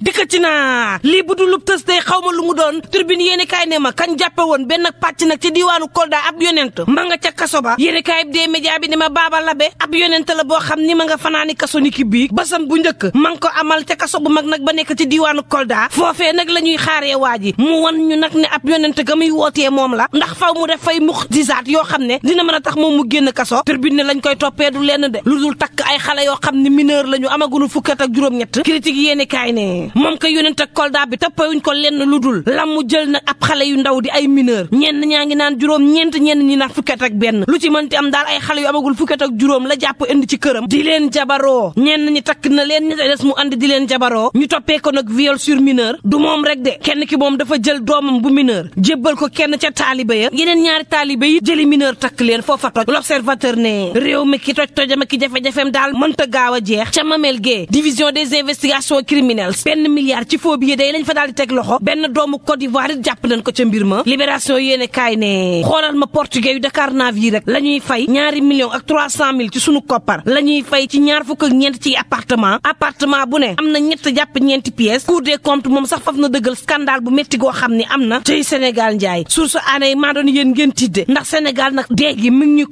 ci naa lii bu du lub tës day xaw ma lu mu doon turbine yéeni kaay ne ma kañ jàppe woon benn pàcc nag ci diwaanu Kolda ab yonent ma nga ca kaso ba yéeni kaay bi dee média bi ne ma baaba labe ab yonent la boo xam ni ma nga fanaani kaso ni ki biig basam bu njëkk ma ngi amal ca kaso bu mag nag ba nekk ci diiwaanu Kolda foofee nag la ñuy xaaree waa ji mu wan ñu nag ni ab yonent ga muy wootee moom la ndax faw mu def fay muxtisaat yoo xam ne dina mën a moom mu génn kaso turbine ne lañ koy toppee lenn de lu dul takk ay xale yoo xam ne mineur la ñu amagunu fukkat ak juróom-ñett critique yéeni moom ko yónnent ak Kolda bi toppewuñ ko lenn lu dul la mu jël na ab xale yu ndaw di ay mineur ñenn ñaa ngi naan juróom ñeent ñenn ñi naan fukkat ak benn lu ci mënti am daal ay xale yu amagul fukkat ak juróom la jàpp indi ci këram di leen jabaroo ñenn ñi takk na leen ñi des mu andi di leen jabaroo ñu toppee ko nag viol sur du moom rek kenn ki moom dafa jël doomam bu mineur jébbal ko kenn ca taaliba ya yeneen ñaari taaliba yi jëli mineur takk leen foofa toj l'observateur ne réew mi ki toj tojama ki jafe daal mënta gaaw a jeex ca mamel gee division des investigations criminelles benn milliard ci faux billets day lañ fa daal di teg loxo benn doomu Côte d'Ivoire it jàpp nañ ko ca ma libération yéene kaay xoolal ma portugais yu Dakar naaf rek la fay ñaari millions ak trois ci sunu koppar la fay ci ñaar fukk ak ñeent ci appartement appartement bu ne am na ñett jàpp ñeenti pièces Cour des comptes moom sax faf na dëggal scandale bu métti goo xam ne am na ci Sénégal njaay source aané maa doon yéen ngeen tidde ndax Sénégal nag dee gi mi ngi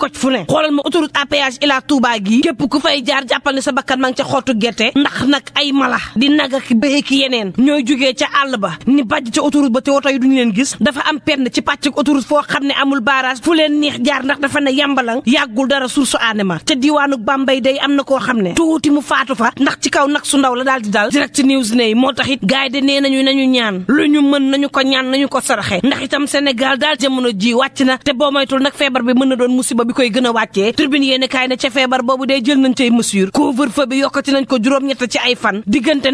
Sey ki yeneen ñooy jógee ca àll ba ni bàjj ca autoroute ba te woto yi ñu leen gis dafa am penn ci pàcc autoroute foo xam ne amul barrage fu leen neex jaar ndax dafa ne yàmbalang yàggul dara suur su aane ma ca diwaanu Bambey dey am na koo xam ne tuuti mu faatu fa ndax ci kaw nag su ndaw la daal di dal direct news ne moo tax it gaay de nee nañu nañu ñaan lu ñu mën nañu ko ñaan nañu ko saraxe ndax itam Sénégal daal jamono ji wàcc na te boo moytul nag feebar bi mën na doon musiba bi koy gën a wàccee tribune yéeni kaay na boobu day jël nañ tey mesure couvre-feu ñett ay fan diggante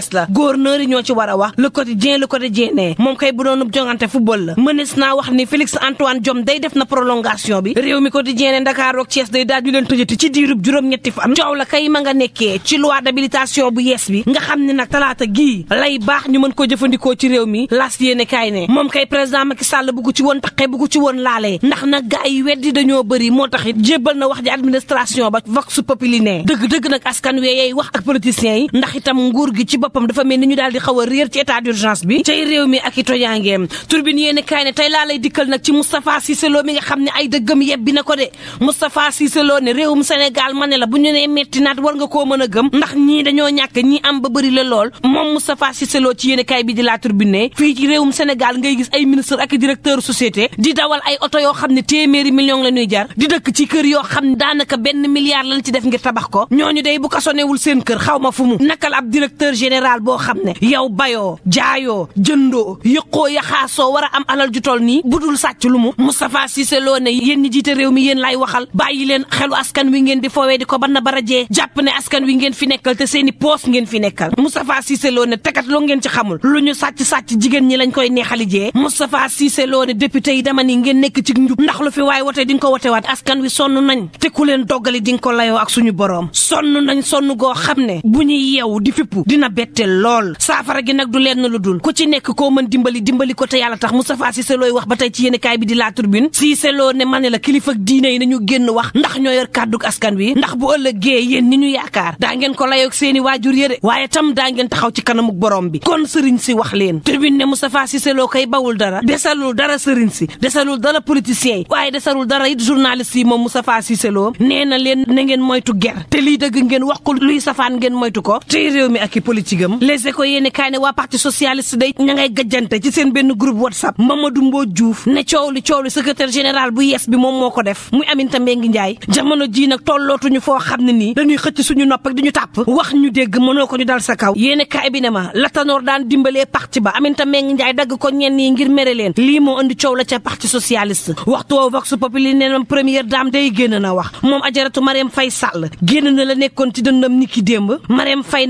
Thiès la gouverneur yi ñoo ci war a wax le quotidien le quotidien ne moom kay bu doon jongante football la mënees naa wax ni Félix Antoine Diome day def na prolongation bi réew mi quotidien ne Dakar ak Thiès day daal di leen tëjati ci diirub juróom-ñetti fan coow la kay ma nga nekkee ci loi d'habilitation bu yees bi nga xam ne nag talaata gii lay baax ñu mën ko jëfandikoo ci réew mi las yéene kaay ne moom kay président Macky Sall bu ko ci woon taqee bu ko ci woon laalee ndax dëgg dëgg nag askan wee wax ak politiciens yi ndax boppam dafa mel ni ñu daal di xaw a réer ci état d'urgence bi tey réew mi ak i tojaangeem turbine yéen kaay ne tey laa lay dikkal nag ci Moustapha Cissé Lo mi nga xam ne ay dëggam yebbi na ko de Moustapha Cissé Lo ne mu Sénégal ma ne la bu ñu nee metti naat war nga koo mën a gëm ndax ñii dañoo ñàkk ñi am ba bëri la lool moom Moustapha Cissé Lo ci yéen kaay bi di laa turbine fii ci réewum Sénégal ngay gis ay ministre ak directeur société di dawal ay oto yoo xam ne téeméeri million la ñuy jar di dëkk ci kër yoo xam ne daanaka benn milliard lañ ci def ngir tabax ko ñooñu day bu kasonewul seen kër xaw ma fu mu nakal ab directeur général boo xam ne yow bayoo jaayoo jëndoo yëqoo yaxaasoo war a am alal ju nii bu dul sàcc lu mu Moustapha Cissé loo ne yéen ñi jiite réew mi yéen laay waxal bàyyi leen xelu askan wi ngeen di foowee di ko ban na jee jàpp ne askan wi ngeen fi nekkal te seeni poos ngeen fi nekkal Moustapha Cissé loo ne tekat loo ngeen ci xamul lu ñu sàcc sàcc jigéen ñi lañ koy neexali jee Moustapha Cissé Lo ne député yi dama ni ngeen nekk ci njub ndax lu fi waaye wote di nga ko wotewaat askan wi sonn nañ te leen doggali di nga ko layoo ak suñu boroom sonn nañ sonn goo xam ne bette lool saafara gi nag du leen lu dul ku ci nekk koo mën dimbali dimbali ko te yàlla tax Moustapha Cissé Lo wax ba tey ci yéenekaay bi di La Tribune Cissé Lo ne ma ne la kilifa diine yi nañu génn wax ndax ñoo yor kàddug askan wi ndax bu ëllëgee yéen ni ñu yaakaar daa ngeen ko layoog seeni waajur yére waaye tam daa ngeen taxaw ci kanamuk borom bi kon sëriñ si wax leen Tribune ne Moustapha Cissé Lo koy bawul dara desalul dara sëriñ si desalul dara politiciens politique am les éco kaay ne waa parti socialiste day ña ngay ci seen benn groupe whatsapp Mamadou Mbodj Diouf ne coow li coow li secrétaire général bu yees bi moom moo ko def muy Aminata Mbengue Ndiaye jamono ji nag tollootuñu foo xam ne nii dañuy xëcc suñu nopp ak diñu tàpp wax ñu dégg mënoo ko ñu dal sa kaw yéeni kaay bi ne ma la daan dimbalee parti ba Aminata Mbengue Ndiaye dagg ko ñenn yi ngir mere leen lii moo indi coow la ca parti socialiste waxtu woo vox populi ne ma première la nekkoon ci dëndam ni ki démb Marième Faye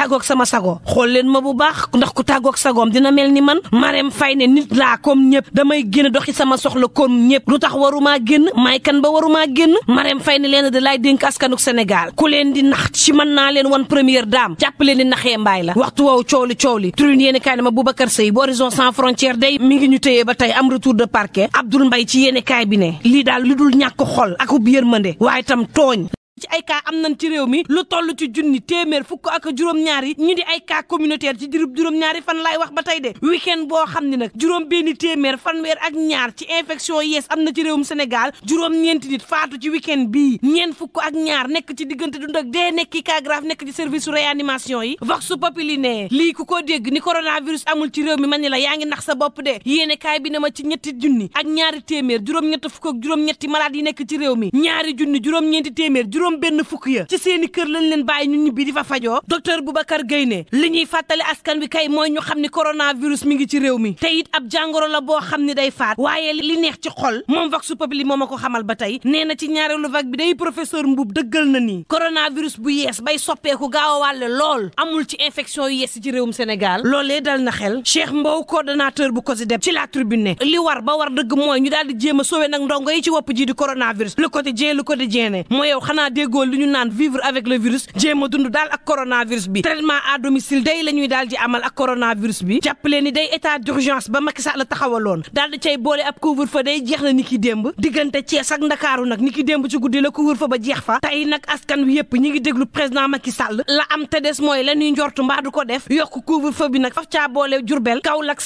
tàggoog sama sago xool leen ma bu baax ndax ku tàggoog sagoom dina mel ni man Marème Faye ne nit laa comme ñëpp damay génn doxi sama soxla comme ñëpp lu tax warumaa génn may kan ba warumaa génn Marème Faye ne leen da laay dénk askanuk Sénégal ku leen di nax ci man naa leen wan première daam jàpp leen di naxee mbaay la waxtu woowu coow li coow li turine yéeni kaay ne ma Boubacar Seye bu Horizon Sans Frontières day mi ngi ñu téyee ba tey am retour de parquet Abdoul mbay ci yéeni bi ne lii daal lu dul ñàkk xol ak ub yërmande waaye tam tooñ ci ay cas am nañ ci réew mi lu toll ci junni téeméer fukk ak juróom ñaari yi ñu di ay ka communautaire ci dirub juróom-ñaari fan laay wax ba tey de week-end boo xam ne nag juróom benn téeméer fanweer ak ñaar ci infection yees am na ci réewum Sénégal juróom-ñeenti nit faatu ci week-end bii ñeen fukk ak ñaar nekk ci diggante dund ak dee nekk cas grave nekk ci service su réanimation yi vox populi ne lii ku ko dégg ni coronavirus amul ci réew mi ma ni yaa ngi nax sa bopp de yéene kaay bi ne ma ci ñetti ak ñaari téeméer juróom-ñett fukk ak juróom-ñetti malade yi nekk ci réew mi ñaari junni juróom juróom juróom-benn fukk ya ci seeni kër lañ leen bàyyi ñu ñibbi di fa fajoo docteur Boubacar Guèye ne li ñuy fàttali askan wi kay mooy ñu xam ni coronavirus mi ngi ci réew mi te it ab jàngoro la boo xam ni day faat waaye li neex ci xol moom vox populi moom a ko xamal ba tey nee na ci ñaareelu vague bi day professeur Mboub dëggal na ni coronavirus bu yees bay soppeeku gaaw a lool amul ci infection yu yees ci réewum Sénégal loolee dal na xel Cheikh Mbow coordonnateur bu COSIDEP ci la tribune ne li war ba war dëgg mooy ñu daal di jéem a sowe nag ndongo yi ci wopp ji di coronavirus le quotidien le quotidien ne mooy déggoo lu ñu naan vivre avec le virus jéem a dund daal ak coronavirus bi traitement a domicile day la daal di amal ak coronavirus bi jàppalee ni day état d'urgence ba Macky Sall la taxawaloon daal di cay boole ab couvre-feu day jeex na ni ki diggante Thiès Ndakaaru nag ni ki ci guddi la couvre-feu ba jeex fa tey nag askan wi ñi ngi déglu président Macky Sall la am te mooy la ñuy njortu mbaa ko def yokk couvre-feu bi nag faf caa boole Diourbel Kaolack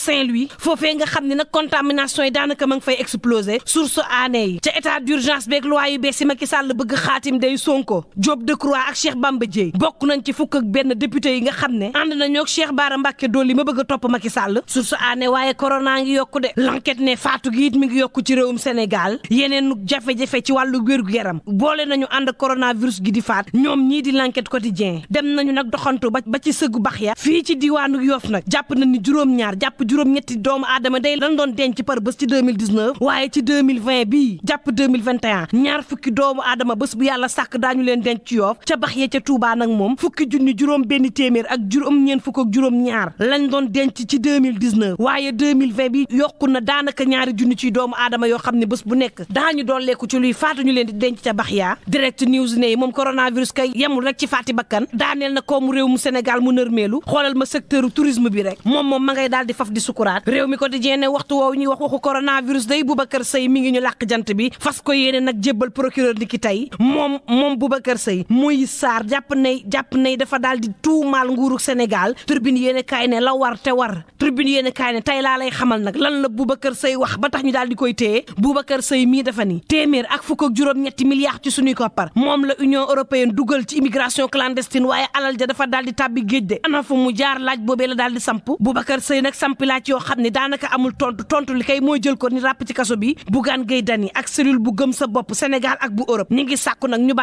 Sonko Diop Decroix ak Cheikh Bamba Dièye bokk nañ ci fukk ak benn député yi nga xam ne ànd nañoo ak Cheikh Bara Mbacké Dolly ma bëgg a topp Macky Sall source aané waaye corona ngi yokk de l'enquête ne faatu gi it mi ngi yokk ci réewum Sénégal yeneen jafe-jafe ci wàllu wér-gu-yaram boole nañu ànd coronavirus gi di faat ñoom ñii di l'enquête quotidien dem nañu nag doxantu ba ba ci sëggu bax ya fii ci diwaanu Yoff nag jàpp nañ ni juróom-ñaar jàpp juróom-ñetti doomu aadama day lan doon denc par bés ci 2019 waaye ci 2020 bii jàpp 2021 ñaar fukki doomu aadama bés bu yàlla sàkk sàkk daañu leen denc ci yoof ca bax yee ca Touba nag moom fukki junni juróom benn téeméer ak juróom ñeen fukk ak juróom ñaar lañ doon denc ci 2019 waaye 2020 bi yokku na daanaka ñaari junni ci doomu aadama yoo xam ne bés bu nekk daañu dooleeku ci luy faatuñu leen di denc ca bax yaa direct news ne moom coronavirus kay yemul rek ci faati bakkan daaneel na koomu réew mu Sénégal mu nërmeelu xoolal ma secteur tourisme bi rek moom moom ma ngay daal di faf di sukuraat réew mi quotidien ne waxtu woowu ñuy wax waxu coronavirus day Boubacar Seye mi ngi ñu làq jant bi fas ko yéene nag jébbal procureur ni ki tey moom moom Boubacar Seye muy Sarr jàpp ne jàpp ne dafa daal di tuumaal nguuru Sénégal tribune yéen a kaay ne la war te war tribune yéen a kaay ne tey laa lay xamal nag lan la Boubacar Seye wax ba tax ñu daal di koy téye Boubacar Seye mii dafa ni téeméer ak fukk ak juróom-ñetti milliards ci suñuy koppar moom la Union européenne dugal ci immigration clandestine waaye alal ja dafa daal di tàbbi géej de ana fu mu jaar laaj boobee la daal di samp Boubacar Seye nag sampi laaj yoo xam ne daanaka amul tontu tontu li mooy jël ko ni ràpp ci kaso bi Bougane Gueye Dany ak bu gëm sa bopp Sénégal ak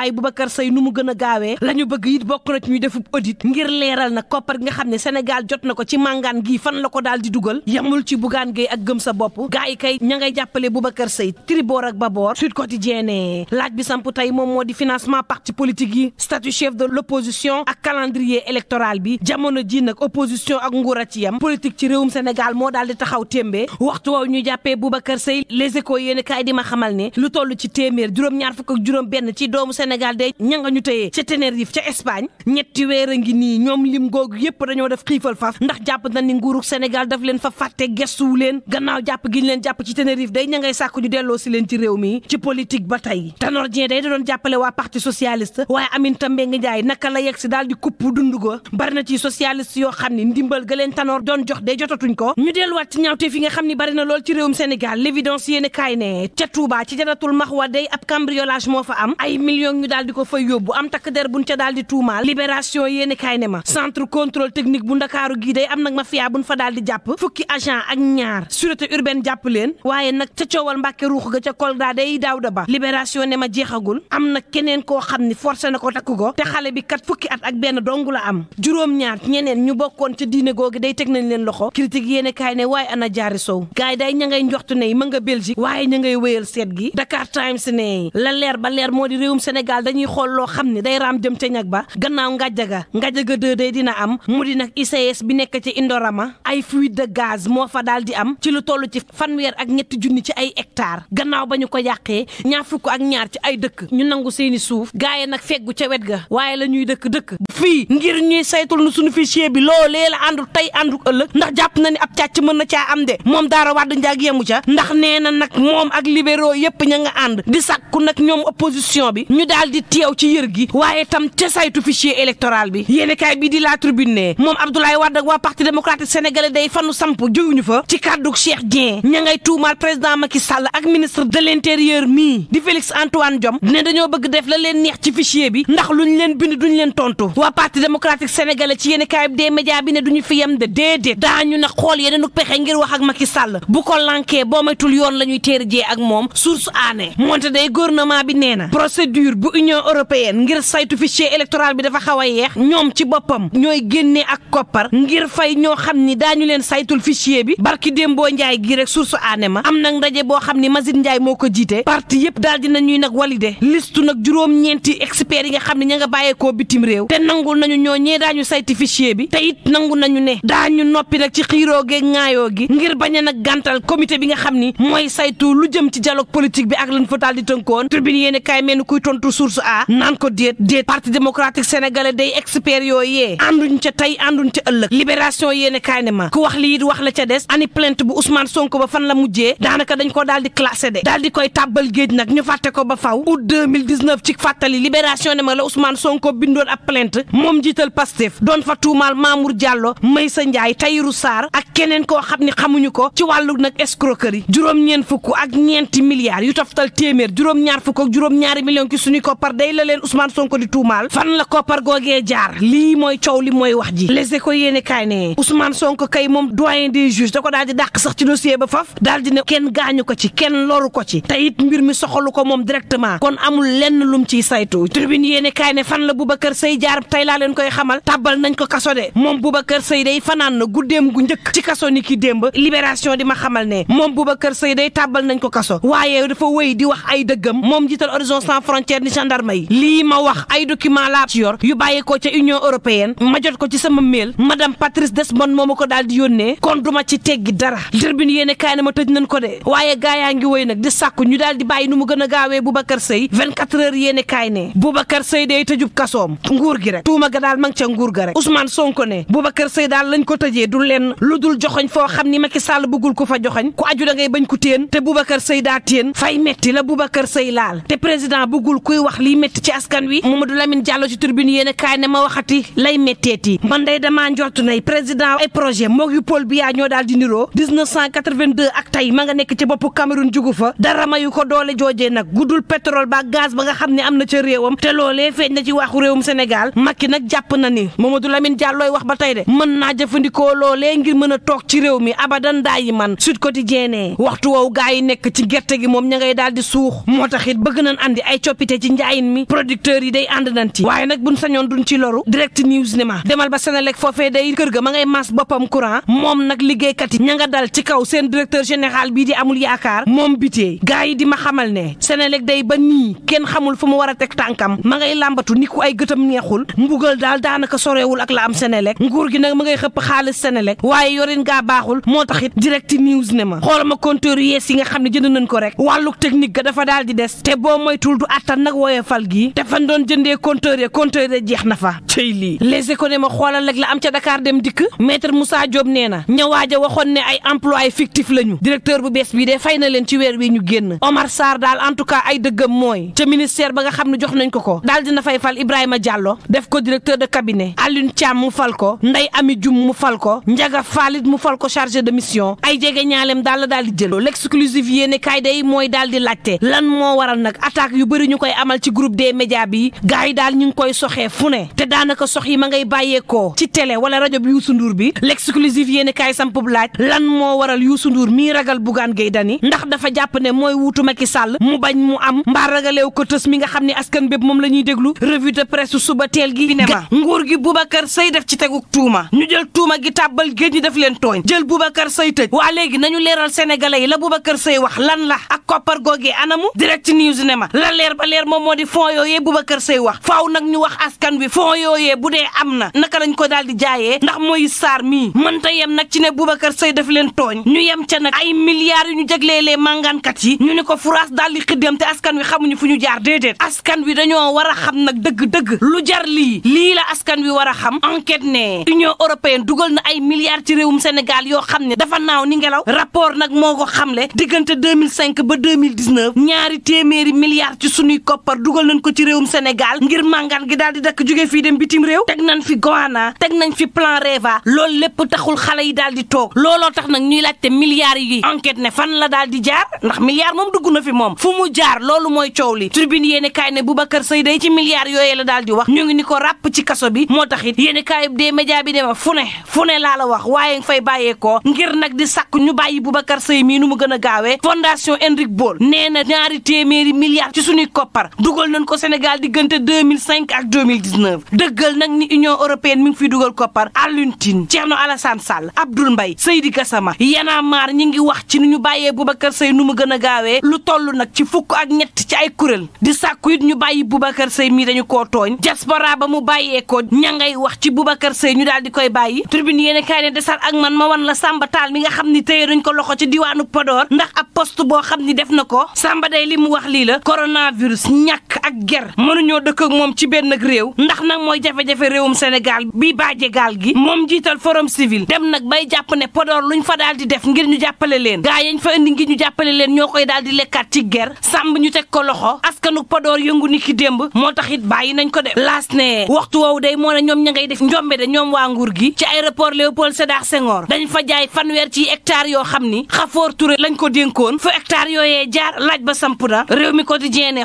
taxawaayu Boubacar Seye nu mu gën a gaawee la ñu bëgg it bokk na ci ñu defub audit ngir leeral na koppar gi nga xam ne Sénégal jot na ko ci màngaan gii fan la ko daal di dugal yamul ci bugaan gay ak gëm sa bopp gaa yi kay ña ngay jàppale Boubacar Seye triboor ak baboor Sud Quotidien laaj bi samp tey moom moo di financement parti politique yi statut chef de l'opposition ak calendrier électoral bi jamono ji nag opposition ak nguur a ci yam politique ci réewum Sénégal moo daal di taxaw témbee waxtu woowu ñu jàppee Boubacar Seye les échos yéen kaay di ma xamal ne lu toll ci téeméer juróom-ñaar fukk ak juróom Sénégal de ña nga ñu téye ca Tenerife ca Espagne ñetti weer a ngi nii ñoom lim googu yëpp dañoo def xiifal faf ndax jàpp na ni nguurug Sénégal daf leen fa fàtte gestuwu leen gannaaw jàpp gi ñu leen jàpp ci Tenerife day ña ngay sàkku ñu delloo si leen ci réew mi ci politique ba tey Tanor Dieng day da doon jàppale waa parti socialiste waaye Aminata Mbengue Ndiaye naka la yegg si daal di kupp dund ga bari na ci socialiste yoo xam ne ndimbal ga leen Tanor doon jox day jotatuñ ko ñu delluwaat ci nga xam ne bari na lool ci réewum Sénégal l'évidence yéen kaay ne ca Touba ci janatul maxwa day ab cambriolage moo fa am ay millions ñu daal di ko fay yóbbu am takk der buñ ca daal di tuumaal bu ndakaaru gii day am nag mafia buñ fa daal di jàpp fukki agent ak ñaar sûreté urbaine jàpp leen waaye nag ca coowal mbàkke ruux ga ca Kolda day Daawda Ba libération ne ma jeexagul am na keneen koo xam ni forcé na ko takk ko te xale bi kat fukki at ak benn dong la am juróom-ñaar ñeneen ñu bokkoon ca diine googi day teg nañ leen loxo critique yéeni kaay ne waaye ana jaari sow gaay day ña njoxtu ne ma nga Belgique waaye ña gi Dakar Times ne la moo di Sénégal dañuy xool loo xam ne day raam jëm ca ñag ba gannaaw ngàjjaga ngàjjaga dëdee dina am mu di nag ICS bi nekk ci Indorama ay fuite de gaz moo fa daal di am ci lu tollu ci fanweer ak ñetti junni ci ay hectares gannaaw ba ñu ko yàqee ñaar fukk ak ñaar ci ay dëkk ñu nangu seeni suuf gaaye nag feggu ca wet ga waaye la ñuy dëkk dëkk fii ngir ñuy saytul nu suñu fichier bi loo la àndul tey àndul ëllëg ndax jàpp na ni ab càcc mën na caa am de moom daara wàdd njaag yemu ca ndax nee na nag moom ak libéraux yépp ña nga ànd di daal di teew ci yër gi waaye tam ca saytu fichier électoral bi yéenekaay bii di la tribune ne moom Abdoulaye Wade ak waa parti démocratique sénégalais day fanu samp jóguñu fa ci kàdduk Cheikh Dieng ña ngay tuumaal président Macky Sall ak ministre de l'intérieur mii di Félix Antoine Diome ne dañoo bëgg def la leen neex ci fichier bi ndax lu ñu leen bind duñ leen tontu waa parti démocratique sénégalais ci yéenekaay bi des médias bi ne duñu fi yem de déedéet daañu na xool yeneen pexe ngir wax ak Macky Sall bu ko lankee boo maytul yoon la ñuy téere jee ak moom source aané moonte day gouvernement bi nee na union européenne ngir saytu fichier électoral bi dafa xaw a yeex ñoom ci boppam ñooy génnee ak koppar ngir fay ñoo xam ni daañu leen saytul fichier bi barki démboo njaay gi rek source aane ma am na ndaje boo xam ni Mazid Njaay moo ko jiite parti yëpp daal dina ñuy nag walide listu nag juróom-ñeenti experts yi nga xam ne ña nga bàyyeekoo bitim réew te nangul nañu ñoo ñee daañu saytu fichier bi te it nangu nañu ne daañu noppi nag ci xiiroo geeg ŋaayoo gi ngir bañ a nag gàntal comité bi nga xam ni mooy saytu lu jëm ci dialogue politique bi ak lañ fa daal source a naan parti démocratique sénégalais day expert yooyu yee ànduñ ca tey ànduñ ca ëllëg libération yéene kaay ma ku wax lii ca des ani plainte bu Ousmane Sonko ba fan la mujjee daanaka dañ ko daal di de daal koy tàbbal géej nag ñu fàtte ko ba faw août 2019 ci fàttali libération ma la Ousmane Sonko bindoon ab plainte moom jiital Pastef doon fa tuumaal Mamour Diallo Maysa Ndiaye Tayru Sarr ak keneen koo xam ni xamuñu ko ci wàllu nag escroquerie juróom junniy koppar day la leen Ousmane Sonko di tuumaal fan la koppar googee jaar lii mooy coow li mooy wax ji Les Échos yéene kaay ne Ousmane Sonko kay moom doyen des juges da ko daal di dàq sax ci dossier ba faf daal di kenn gaañu ko ci kenn loru ko ci te mbir mi soxalu ko moom directement kon amul lenn lum ci saytu tribune yéene kaay ne fan la Boubacar say jaar tey laa leen koy xamal tàbbal nañ ko kaso de moom Boubacar say day fanaan gu guddeem gu njëkk ci kaso ni ki démb libération di ma xamal ne moom Boubacar Seye day tàbbal nañ ko kaso waaye dafa wéy di wax ay dëggam moom gendarme yi lii ma wax ay document laa ci yor yu bàyyi ko ca union européenne ma ko ci sama mail madame Patrice Desmond moo ma ko daal di yónnee kon duma ci teggi dara tribune yéene kaay ne ma tëj nañ ko de waaye gaa yaa ngi woy nag di sàkku ñu daal di bàyyi nu mu gën a gaawee Boubacar Seye 24 heures yéene kaay ne Boubacar Seye kasoom nguur gi rek tuuma ga daal ma ca nguur ga rek Ousmane Sonko ne Boubacar Seye daal lañ ko tëjee du leen lu dul joxoñ foo xam ni Macky Sall bëggul ko fa joxoñ ku aju da ngay bañ ku téen te Boubacar Seye daa téen fay metti la Boubacar Seye laal te président wax liy métti ci askan wi Mamadou Lamine Diallo ci turbine yéen a ma waxati lay métteeti man day damaa njort nay président ay projet moog yu Paul Biya ñoo daal di niroo 1982 ak tey ma nga nekk ci boppu Cameroun jugu dara mayu ko doole joojee nag guddul pétrole ba gaz ba nga xam ne am na ca réewam te loolee feeñ na ci waaxu réewum Sénégal Macky nag jàpp na ni Mamadou Lamine Diallo wax ba tey de mën naa jëfandikoo loolee ngir mën a toog ci réew mi abadan daa yi man Sud Quotidien waxtu woowu gaa yi nekk ci gerte gi ci njaayin mi producteurs yi day and nañ ci waaye nag buñ sañoon duñ ci loru direct news ne ma demal ba Senelec foofee day kër ga ma ngay mas boppam courant moom nag liggéeykat yi ña nga dal ci kaw seen directeur général bii di amul yaakaar moom bitee ga yi di ma xamal ne Senelec day ba nii kenn xamul fu ma war a teg tànkam ma ngay làmbatu ni ku ay gëtam neexul mbugal daal daanaka sorewul ak la am Senelec nguur gi nag ma ngay xëpp xaalis Senelec waaye yorin gaa baaxul moo taxit direct news ne ma xoolal ma compteur yees yi xam ne jënd nañ ko rek wàllu technique ga dafa daal di des te boo moytul du attan woyofal gi te fan doon jëndee compteur ya compteur ya jeex na fa cëy lii les économes xoolal rek la am ca Dakar dem dikk maître Moussa Diop nee na ñawaaja waxoon ne ay employé fictif lañu directeur bu bees bii de fay na leen ci weer wi ñu génn Omar Sarr daal en tout cas ay dëggam mooy ca ministère ba nga xam ne jox nañ ko ko daal dina fay fal a Diallo def ko directeur de cabinet Alioune Thiam mu fal ko Ndeye Ami Dioum mu fal ko Ndiaga Falit mu fal ko chargé de mission ay jege ñaaleem daal la daal di jël l'exclusif yéene kaay day mooy daal di laajte lan moo waral amal ci groupe des médias bi gars yi daal ngi koy soxee fu ne te daanaka sox yi ma ngay bàyyeekoo ci télé wala rajo bi Youssou nduur bi l'exclusif yéeni kaay sampub laaj lan moo waral Youssou Ndour mii ragal Bougane Gueye Dany ndax dafa jàpp ne mooy wuutu Macky Sall mu bañ mu am mbaa ragalew ko tës mi nga xam ne askan bépp moom la ñuy déglu revue de presse suba teel gi nguur gi Boubacar Seye def ci teguk tuuma ñu jël tuuma gi tàbbal géej ñi def leen tooñ jël Boubacar Seye tëj waa léegi nañu leeral sénégalais yi la Boubacar Seye wax lan la ak koppar googee anamu moo di fonds yooyee Boubacar Seye wax faaw nag ñu wax askan wi fonds yooyee bu dee am na naka lañ ko daal di jaayee ndax mooy saar mii mënta yem nag ci ne Boubacar Seye def leen tooñ ñu yem ca nag ay milliards yu ñu jaglee les màngaankat yi ñu ni ko furaas daal di xiddam te askan wi xamuñu fu ñu jaar déedéet askan wi dañoo war a xam nag dëgg-dëgg lu jar lii lii la askan wi war a xam enquête ne Union européenne dugal na ay milliards ci réewum Sénégal yoo xam ne dafa naaw ni ngelaw rapport nag moo ko xamle diggante 2005 ba 2019 ñaari téeméeri milliards ci suñuy kopp koppar dugal nañ ko ci réewum Sénégal ngir màngaan gi daal di dakk jóge fii dem bitim réew teg nañ fi Goana teg nañ fi plan Reva loolu lépp taxul xale yi daal di toog looloo tax nag ñuy laajte milliards yi enquête ne fan la daal di jaar ndax milliards moom dugg na fi moom fu mu jaar loolu mooy coow li tribune yéen kaay ne Boubacar Seye day ci milliards yooye la daal di wax ñu ngi ni ko ràpp ci kaso bi moo taxit it yéen kaay des média bi dema fu ne fu ne laa la wax waaye fay bàyyeekoo ngir nag di sàkk ñu bàyyi Boubacar Seye mii nu mu gën a gaawee fondation Henrik Bol nee na ñaari téeméeri milliards ci suñuy koppar dugal nañ ko Sénégal diggante 2005 ak 2019 dëggal nag ni Union européenne mi ngi fiy dugal koppar Alioune Tine Thierno Alassane Sall Abdoul Mbaye Seydi Gassama Yana maar ñi ngi wax ci ni ñu bàyyee Boubacar Seye nu mu gën a gaawee lu toll nag ci fukk ak ñett ci ay kuréel di sàkku it ñu bàyyi Boubacar Seye mii dañu koo tooñ diaspora ba mu bàyyeekoo ko ña ngay wax ci Boubacar Seye ñu daal di koy bàyyi tribune yéen kaay ne desal ak man ma wan la Samba Tall mi nga xam ni téye nañ ko loxo ci diwaanu Podor ndax ab poste boo xam ni def na ko Samba day li mu wax lii la coronavirus ñàkk ak ger mënuñoo dëkk ak moom ci benn réew ndax nag mooy jafe-jafe réewum Sénégal bi baaje gaal gi moom jiital forum civil dem nag bay jàpp ne Podor luñ fa daal di def ngir ñu jàppale leen gaa yañ fa indi ngir ñu jàppale leen ñoo koy daal di lekkaat ci ger sàmb ñu teg ko loxo askanu Podor yëngu ni ki démb moo tax it bàyyi nañ ko def laas ne waxtu woowu day moo ne ñoom ña ngay def njombe de ñoom waa nguur gi ci aéroport Léopold Sédar Senghor dañ fa jaay fanweer ci hectare yoo xam ni Xafoor Touré lañ ko dénkoon fu hectare yooyee jaar laaj ba samp réew mi quotidien ne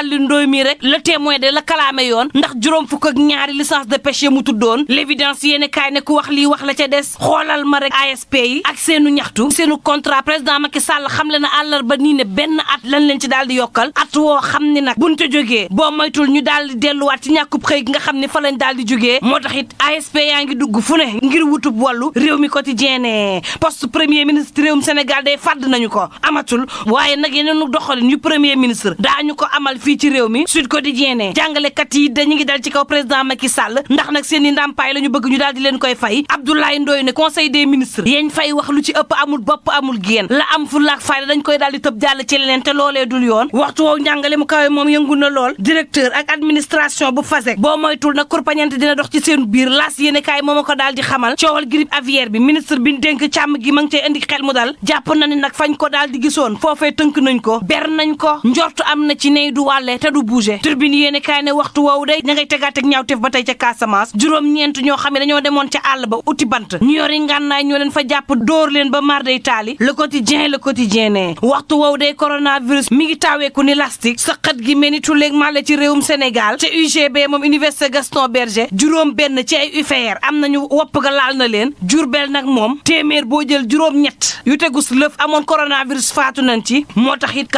Alioune Ndoye mii rek le témoin de la kalaame yoon ndax juróom fukk ak ñaari licence de pêche mu tuddoon l'évidence yéen kaay ne ku wax lii wax la ca des xoolal ma a ASP yi ak seenu ñaxtu seenu contrat président Macky Sall xam le na àllarba nii ne benn at lañ leen ci daal di yokkal at woo xam ni nag bu buñ ca jógee boo moytul ñu daal di delluwaat ci ñàkkub xëy gi nga xam ne fa lañ daal di jógee moo tax it ASP yaa ngi dugg fu ne ngir wutub wàllu réew mi quotidien ne poste premier ministre réewum Sénégal day fàdd nañu ko amatul waaye nag yeneen doxalin yu premier ministre fii ci réew mi Sud Quotidien ne jàngalekat yi dañu ngi dal ci kaw président Macky Sall ndax nag seen i ndàmpaay la bëgg ñu daal di leen koy fay Abdoulaye Ndoye ne conseil des ministres fay wax lu ci ëpp amul bopp amul génn la am fu laak fayda dañ koy daal di tëb jàll ci leneen te loolee dul yoon waxtu woow njàngale mu kawe moom yëngu na lool directeur ak administration bu FASEG boo moytul nag kurpañante dina dox ci seen biir laas yéene kaay a ko daal di xamal coowal grippe aviaire bi ministre bi dénk càmm gi ma ngi cay indi xel mu dal jàpp na ne nag fañ ko daal di gisoon foofee na ci wàllee te du bougé waxtu woowu day ña ngay tegaat ba tey ca Casamance juróom-ñeent ñoo xam ne dañoo demoon ca àll ba uti bant ñu yori ngànnaay ñoo leen fa jàpp dóor ba mar day taali le waxtu woowu day coronavirus mi ngi taaweeku ni lastique saqat gi mel ni tulleeg màlle ci réewum Sénégal ca UGB moom université Gaston Berger juróom benn ci ay UFR am nañu wopp ga laal na leen Jurbel nag moom téeméer boo jël juróom-ñett yu tegus lëf amoon coronavirus faatu nañ ci moo tax it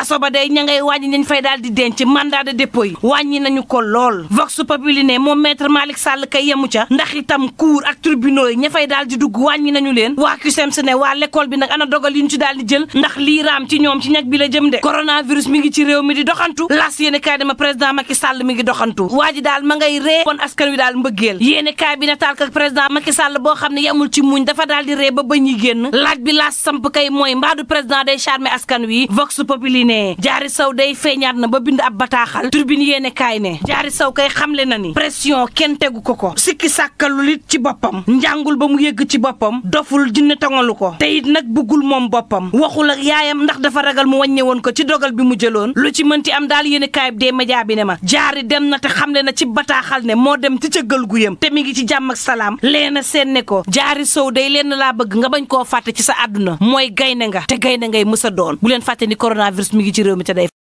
ci mandat de dépôt yi wàññi nañu ko lool vox populi ne moom maître Malick Sall kay yemu ca ndax itam cour ak tribunaux yi ña daal di dugg wàññi nañu leen waa CUSEMS ne waa l'école bi nag ana dogal yi ñu ci daal di jël ndax lii raam ci ñoom ci ñag bi la jëm de coronavirus mi ngi ci réew mi di doxantu las yéene kaay dama président Macky Sall mi ngi doxantu waa ji daal ma ngay ree kon askan wi daal mbëggeel yéene kaay bi nataal ka président Macky Sall boo xam ne yemul daal di ree ba ba ñuy génn laaj bi laas samp kay mooy mbaadu président day charmer askan wi vox populi ne jaari saw day feeñaat na ba bind ab ab bataaxal turbine yéene kaay ne jaari saw kay xamle na ni pression kenn tegu ko ko sikki sàkkalulit ci boppam njàngul ba mu yëgg ci boppam doful jinne tongalu ko te it nag buggul moom boppam waxul ak yaayam ndax dafa ragal mu wàññe woon ko ci dogal bi mu jëloon lu ci mënti am daal yéene kaay bi dee média bi ne ma jaari dem na te xamle na ci bataaxal ne moo dem ci cëggal gu yam te mi ngi ci jàmm ak salaam leena seen ne ko jaari sow day lenn laa bëgg nga bañ koo fàtte ci sa àdduna mooy gaynde nga te gaynde ngay mës a doon bu leen fàtte ni coronavirus mi ngi ci réew mi te day